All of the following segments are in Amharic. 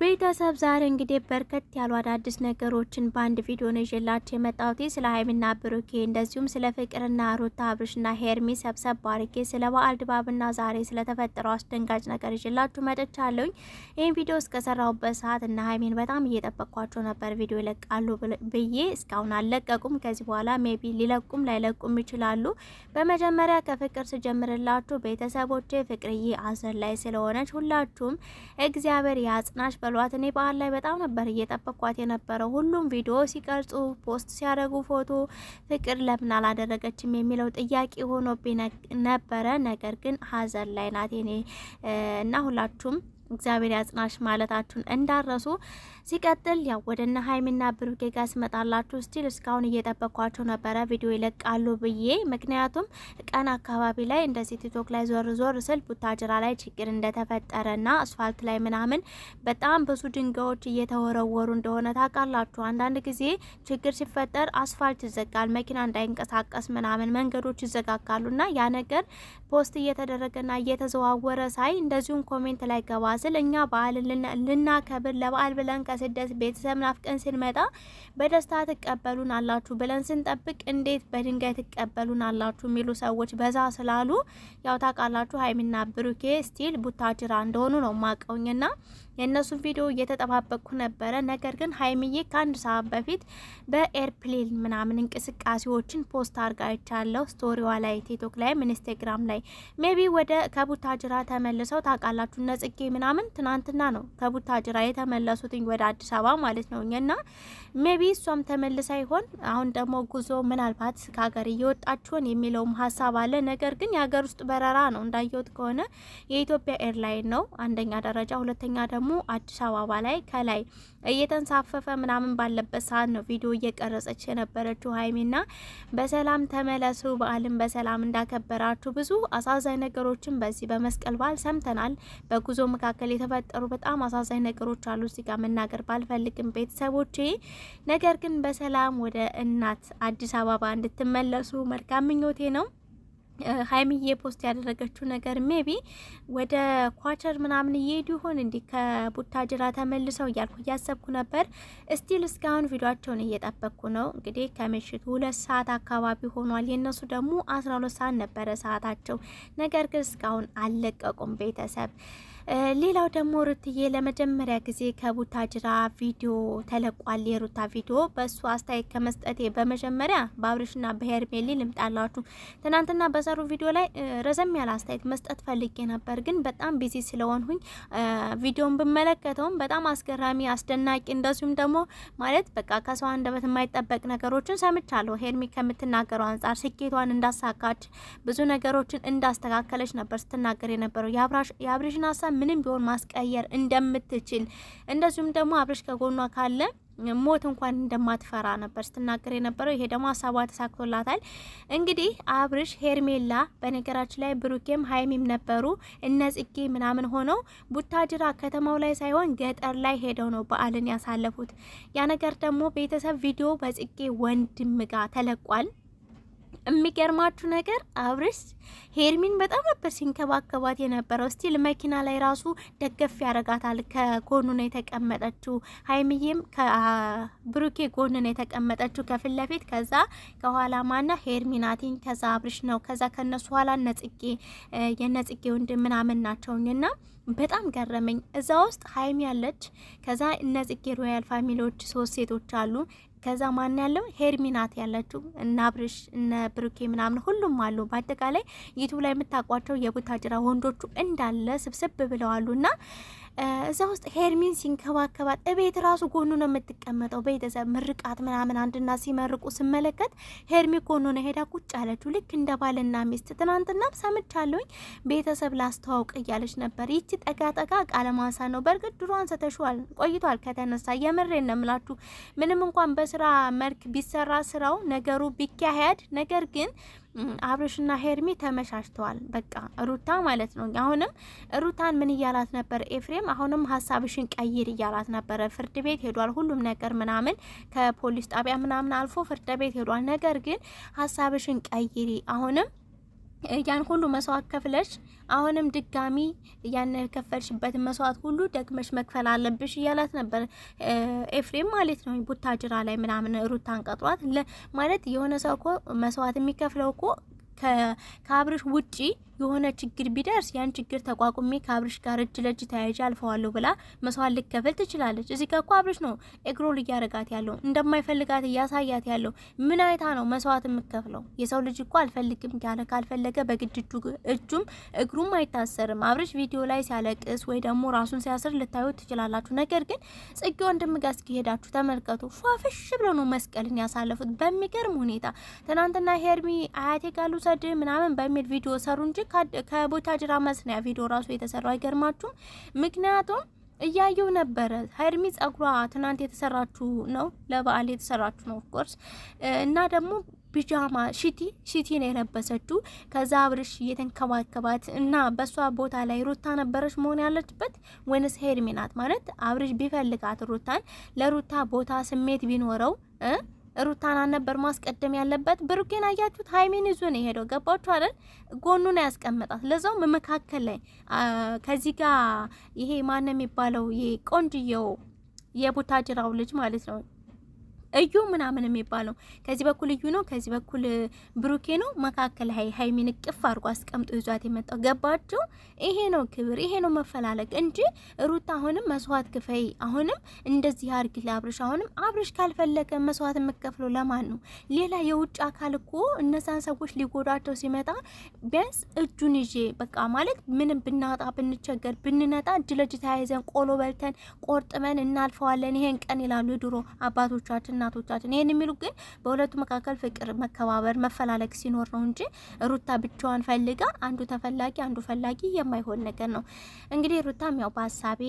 ቤተሰብ ዛሬ እንግዲህ በርከት ያሉ አዳዲስ ነገሮችን በአንድ ቪዲዮ ነው ይዤላችሁ የመጣሁት። ስለ ሀይሚና ብሩኬ እንደዚሁም ስለ ፍቅርና ሩታ አብርሽና ሄርሚ ሰብሰብ ባርጌ ስለ በዓል ድባብና ዛሬ ስለተፈጠረው አስደንጋጭ ነገር ይዤላችሁ መጥቻለሁኝ። ይህን ቪዲዮ እስከሰራሁበት ሰዓት እና ሀይሚን በጣም እየጠበቅኳቸው ነበር፣ ቪዲዮ ይለቃሉ ብዬ እስካሁን አልለቀቁም። ከዚህ በኋላ ሜቢ ሊለቁም ላይለቁም ይችላሉ። በመጀመሪያ ከፍቅር ስጀምርላችሁ ቤተሰቦቼ ፍቅርዬ አዘን ላይ ስለሆነች ሁላችሁም እግዚአብሔር ያጽናሽ በሏት። እኔ በዓል ላይ በጣም ነበር እየጠበቅኳት የነበረው። ሁሉም ቪዲዮ ሲቀርጹ፣ ፖስት ሲያደርጉ ፎቶ ፍቅር ለምን አላደረገችም የሚለው ጥያቄ ሆኖብኝ ነበረ። ነገር ግን ሀዘን ላይ ናት እኔ እና ሁላችሁም እግዚአብሔር ያጽናሽ ማለታችሁን እንዳረሱ ሲቀጥል ያው ወደነ ሀይሚና ብሩኬ ጋር ስመጣላችሁ ስቲል እስካሁን እየጠበኳቸው ነበረ ቪዲዮ ይለቃሉ ብዬ። ምክንያቱም ቀን አካባቢ ላይ እንደዚህ ቲክቶክ ላይ ዞር ዞር ስል ቡታጅራ ላይ ችግር እንደተፈጠረና አስፋልት ላይ ምናምን በጣም ብዙ ድንጋዮች እየተወረወሩ እንደሆነ ታውቃላችሁ። አንዳንድ ጊዜ ችግር ሲፈጠር አስፋልት ይዘጋል፣ መኪና እንዳይንቀሳቀስ ምናምን መንገዶች ይዘጋጋሉና ያ ነገር ፖስት እየተደረገና እየተዘዋወረ ሳይ እንደዚሁም ኮሜንት ላይ ገባ ስል እኛ በዓል ልናከብር ለበዓል ብለን ከስደት ቤተሰብ ናፍቀን ስንመጣ በደስታ ትቀበሉን አላችሁ ብለን ስንጠብቅ እንዴት በድንጋይ ትቀበሉን አላችሁ የሚሉ ሰዎች በዛ ስላሉ ያው ታውቃላችሁ፣ ሀይሚና ብሩኬ ስቲል ቡታጅራ እንደሆኑ ነው ማቀውኝና የእነሱን ቪዲዮ እየተጠባበቅኩ ነበረ። ነገር ግን ሀይሚዬ ከአንድ ሰዓት በፊት በኤርፕሌን ምናምን እንቅስቃሴዎችን ፖስት አርጋ አይቻለሁ። ስቶሪዋ ላይ፣ ቲክቶክ ላይ፣ ኢንስታግራም ላይ ሜቢ ወደ ከቡታጅራ ተመልሰው ታውቃላችሁ፣ እነ ጽጌ ምናምን ትናንትና ነው ከቡታጅራ የተመለሱትኝ ወደ አዲስ አበባ ማለት ነው እና ሜቢ እሷም ተመልሳ ይሆን አሁን ደግሞ ጉዞ ምናልባት ከሀገር እየወጣችሁን የሚለውም ሀሳብ አለ። ነገር ግን የሀገር ውስጥ በረራ ነው እንዳየወት ከሆነ የኢትዮጵያ ኤርላይን ነው አንደኛ ደረጃ፣ ሁለተኛ ደግሞ አዲስ አበባ ላይ ከላይ እየተንሳፈፈ ምናምን ባለበት ሰዓት ነው ቪዲዮ እየቀረጸች የነበረችው ሀይሚና በሰላም ተመለሱ፣ በዓልን በሰላም እንዳከበራችሁ። ብዙ አሳዛኝ ነገሮችን በዚህ በመስቀል በዓል ሰምተናል። በጉዞ መካከል የተፈጠሩ በጣም አሳዛኝ ነገሮች አሉ። እዚህ ጋር መናገር ባልፈልግም ቤተሰቦቼ፣ ነገር ግን በሰላም ወደ እናት አዲስ አበባ እንድትመለሱ መልካም ምኞቴ ነው። ሀይሚዬ ፖስት ያደረገችው ነገር ሜቢ ወደ ኳቸር ምናምን እየሄዱ ይሆን እንዲ ከቡታጅራ ተመልሰው እያልኩ እያሰብኩ ነበር። እስቲል እስካሁን ቪዲዮቸውን እየጠበቅኩ ነው። እንግዲህ ከምሽቱ ሁለት ሰዓት አካባቢ ሆኗል። የእነሱ ደግሞ አስራ ሁለት ሰዓት ነበረ ሰዓታቸው። ነገር ግን እስካሁን አልለቀቁም ቤተሰብ ሌላው ደግሞ ሩትዬ ለመጀመሪያ ጊዜ ከቡታጅራ ቪዲዮ ተለቋል። የሩታ ቪዲዮ በእሱ አስተያየት ከመስጠቴ በመጀመሪያ በአብርሽና በሄርሜሊ ልምጣላችሁ። ትናንትና በሰሩ ቪዲዮ ላይ ረዘም ያለ አስተያየት መስጠት ፈልጌ ነበር፣ ግን በጣም ቢዚ ስለሆንሁኝ ቪዲዮን ብመለከተውም በጣም አስገራሚ፣ አስደናቂ እንደዚሁም ደግሞ ማለት በቃ ከሰው አንደበት የማይጠበቅ ነገሮችን ሰምቻለሁ። ሄርሜ ከምትናገረው አንጻር ስኬቷን እንዳሳካች ብዙ ነገሮችን እንዳስተካከለች ነበር ስትናገር የነበረው የአብርሽን ሀሳብ ምንም ቢሆን ማስቀየር እንደምትችል እንደዚሁም ደግሞ አብረሽ ከጎኗ ካለ ሞት እንኳን እንደማትፈራ ነበር ስትናገር የነበረው። ይሄ ደግሞ ሀሳቧ ተሳክቶላታል። እንግዲህ አብርሽ፣ ሄርሜላ፣ በነገራችን ላይ ብሩኬም ሀይሚም ነበሩ እነ ጽጌ ምናምን ሆነው ቡታጅራ ከተማው ላይ ሳይሆን ገጠር ላይ ሄደው ነው በዓልን ያሳለፉት። ያ ነገር ደግሞ ቤተሰብ ቪዲዮ በጽጌ ወንድም ተለቋል። የሚገርማችሁ ነገር አብርሽ ሄርሚን በጣም ነበር ሲንከባከባት የነበረው። ስቲል መኪና ላይ ራሱ ደገፍ ያደርጋታል። ከጎኑ ነው የተቀመጠችው። ሀይሚዬም ከብሩኬ ጎን ነው የተቀመጠችው ከፊት ለፊት፣ ከዛ ከኋላ ማና ሄርሚናቲን፣ ከዛ አብርሽ ነው፣ ከዛ ከነሱ ኋላ ነጽጌ የነጽጌ ወንድም ምናምን ናቸውኝና በጣም ገረመኝ። እዛ ውስጥ ሀይሚ ያለች፣ ከዛ እነጽጌ ሮያል ፋሚሊዎች ሶስት ሴቶች አሉ ከዛ ማን ያለው ሄርሚናት ያለችው እና ብርሽ እነ ብሩኬ ምናምን ሁሉም አሉ። በአጠቃላይ ዩቱብ ላይ የምታውቋቸው የቡታጅራ ወንዶቹ እንዳለ ስብስብ እና እዛ ውስጥ ሄርሚን ሲንከባከባት እቤት ራሱ ጎኑ ነው የምትቀመጠው። ቤተሰብ ምርቃት ምናምን አንድና ሲመርቁ ስመለከት ሄርሚ ጎኑ ነው ሄዳ ቁጭ አለችው። ልክ እንደ ባልና ሚስት ትናንትና ሰምቻለሁኝ። ቤተሰብ ላስተዋውቅ እያለች ነበር። ይቺ ጠጋ ጠጋ ቃለ ነው። በእርግጥ ድሮ አንስተሽዋል ቆይቷል ከተነሳ። የምሬን ነው የምላችሁ ምንም እንኳን በስራ መልክ ቢሰራ ስራው ነገሩ ቢካሄድ ነገር ግን አብርሽና ሄርሚ ተመሻሽተዋል። በቃ ሩታ ማለት ነው። አሁንም ሩታን ምን እያላት ነበር ኤፍሬም? አሁንም ሀሳብሽን ቀይር እያላት ነበረ። ፍርድ ቤት ሄዷል፣ ሁሉም ነገር ምናምን ከፖሊስ ጣቢያ ምናምን አልፎ ፍርድ ቤት ሄዷል። ነገር ግን ሀሳብሽን ቀይሪ አሁንም ያን ሁሉ መስዋዕት ከፍለሽ አሁንም ድጋሚ ያን የከፈልሽበትን መስዋዕት ሁሉ ደግመሽ መክፈል አለብሽ እያላት ነበር ኤፍሬም ማለት ነው። ቡታ ጅራ ላይ ምናምን ሩታን ቀጥሯት ማለት የሆነ ሰው እኮ መስዋዕት የሚከፍለው እኮ ከአብርሽ ውጪ የሆነ ችግር ቢደርስ ያን ችግር ተቋቁሜ ከአብርሽ ጋር እጅ ለእጅ ተያይዤ አልፈዋለሁ ብላ መስዋዕት ልከፍል ትችላለች። እዚህ ጋር እኮ አብርሽ ነው ኤግሮል እያረጋት ያለው እንደማይፈልጋት እያሳያት ያለው። ምን አይታ ነው መስዋዕት የምከፍለው? የሰው ልጅ እኮ አልፈልግም ያለ ካልፈለገ በግድ እጁም እግሩም አይታሰርም። አብርሽ ቪዲዮ ላይ ሲያለቅስ ወይ ደግሞ ራሱን ሲያስር ልታዩ ትችላላችሁ። ነገር ግን ጽጌ ወንድም ጋር እስኪሄዳችሁ ተመልከቱ። ፏፍሽ ብሎ ነው መስቀልን ያሳለፉት በሚገርም ሁኔታ። ትናንትና ሄርሚ አያቴ ጋር ልውሰድ ምናምን በሚል ቪዲዮ ሰሩ እንጂ ከቦታ ጅራ መስሪያ ቪዲዮ ራሱ የተሰራው አይገርማችሁም? ምክንያቱም እያየው ነበረ። ሀይርሚ ጸጉሯ ትናንት የተሰራችሁ ነው፣ ለበዓል የተሰራችሁ ነው ኦፍኮርስ። እና ደግሞ ቢጃማ ሽቲ ሽቲ ነው የለበሰችው። ከዛ አብርሽ እየተንከባከባት እና በእሷ ቦታ ላይ ሩታ ነበረች መሆን ያለችበት ወይንስ ሀይርሚ ናት? ማለት አብርሽ ቢፈልጋት ሩታን ለሩታ ቦታ ስሜት ቢኖረው ሩታናን ነበር ማስቀደም ያለበት። ብሩኬን አያችሁት? ሀይሜን ይዞ ነው የሄደው። ገባችሁ አይደል? ጎኑን ያስቀመጣት ለዛው መካከል ላይ ከዚህ ጋር ይሄ ማን የሚባለው ይሄ ቆንጅየው የቡታጅራው ልጅ ማለት ነው እዩ ምናምን የሚባለው ከዚህ በኩል እዩ ነው፣ ከዚህ በኩል ብሩኬ ነው። መካከል ሀይ ሀይሚን ቅፍ አድርጎ አስቀምጦ ይዟት የመጣው ገባቸው ይሄ ነው ክብር፣ ይሄ ነው መፈላለግ እንጂ ሩት አሁንም መስዋዕት ክፈይ፣ አሁንም እንደዚህ አድርጊ ለአብርሽ፣ አሁንም አብርሽ ካልፈለገ መስዋዕት የምከፍለው ለማን ነው? ሌላ የውጭ አካል እኮ እነዛን ሰዎች ሊጎዳቸው ሲመጣ ቢያንስ እጁን ይዤ በቃ ማለት ምንም ብናጣ ብንቸገር ብንነጣ እጅ ለእጅ ተያይዘን ቆሎ በልተን ቆርጥመን እናልፈዋለን ይሄን ቀን ይላሉ ድሮ አባቶቻችን እናቶቻችን ይህን የሚሉ ግን በሁለቱ መካከል ፍቅር፣ መከባበር፣ መፈላለግ ሲኖር ነው እንጂ ሩታ ብቻዋን ፈልጋ አንዱ ተፈላጊ አንዱ ፈላጊ የማይሆን ነገር ነው። እንግዲህ ሩታም ያው በሀሳቤ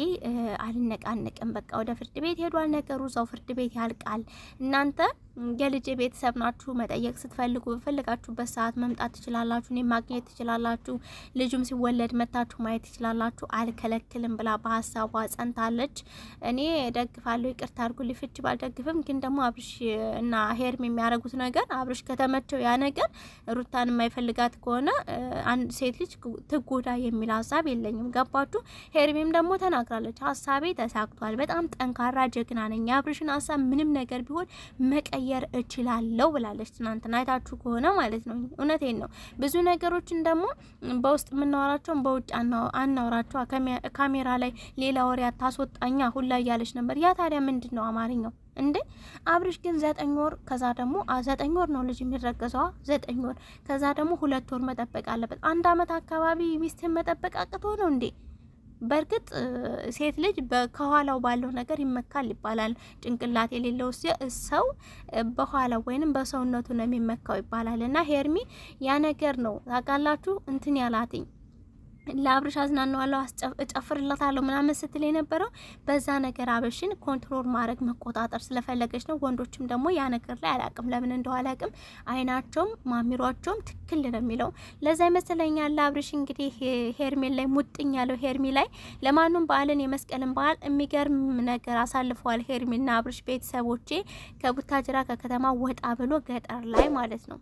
አልነቃነቅም፣ በቃ ወደ ፍርድ ቤት ሄዷል። ነገሩ እዛው ፍርድ ቤት ያልቃል እናንተ የልጅ ቤተሰብ ናችሁ። መጠየቅ ስትፈልጉ በፈለጋችሁበት ሰዓት መምጣት ትችላላችሁ፣ እኔ ማግኘት ትችላላችሁ። ልጁም ሲወለድ መታችሁ ማየት ትችላላችሁ። አልከለክልም ብላ በሀሳቧ ጸንታለች። እኔ ደግፋለሁ። ይቅርታ አድርጉልኝ፣ ልፍች ባልደግፍም ግን ደግሞ አብርሽ እና ሄርም የሚያደርጉት ነገር አብርሽ ከተመቸው ያ ነገር ሩታን የማይፈልጋት ከሆነ አንድ ሴት ልጅ ትጎዳ የሚል ሀሳብ የለኝም። ገባችሁ? ሄርሜም ደግሞ ተናግራለች፣ ሀሳቤ ተሳክቷል፣ በጣም ጠንካራ ጀግና ነኝ። የአብርሽን ሀሳብ ምንም ነገር ቢሆን መቀ መቀየር እችላለሁ ብላለች። ትናንትና አይታችሁ ከሆነ ማለት ነው። እውነቴን ነው። ብዙ ነገሮችን ደግሞ በውስጥ የምናወራቸውን በውጭ አናውራቸው፣ ካሜራ ላይ ሌላ ወሬ አታስወጣኛ ሁላ እያለች ነበር። ያ ታዲያ ምንድን ነው አማርኛው እንዴ? አብርሽ ግን ዘጠኝ ወር ከዛ ደግሞ ዘጠኝ ወር ነው ልጅ የሚረገዘዋ ዘጠኝ ወር ከዛ ደግሞ ሁለት ወር መጠበቅ አለበት። አንድ አመት አካባቢ ሚስትን መጠበቅ አቅቶ ነው እንዴ? በእርግጥ ሴት ልጅ ከኋላው ባለው ነገር ይመካል ይባላል። ጭንቅላት የሌለው ሰው በኋላው ወይንም በሰውነቱ ነው የሚመካው ይባላል። እና ሄርሚ ያ ነገር ነው ታውቃላችሁ እንትን ያላትኝ ለአብርሽ አዝናነዋለሁ እጨፍርለታለሁ ምናምን ስትል የነበረው በዛ ነገር አብርሽን ኮንትሮል ማድረግ መቆጣጠር ስለፈለገች ነው። ወንዶችም ደግሞ ያ ነገር ላይ አላቅም ለምን እንደው አላቅም፣ አይናቸውም ማሚሯቸውም ትክክል ነው የሚለው ለዛ ይመስለኛል። ለአብርሽ እንግዲህ ሄርሜን ላይ ሙጥኝ ያለው ሄርሚ ላይ ለማንም በዓልን የመስቀልን በዓል የሚገርም ነገር አሳልፈዋል። ሄርሚና አብርሽ ቤተሰቦቼ ከቡታጅራ ከከተማ ወጣ ብሎ ገጠር ላይ ማለት ነው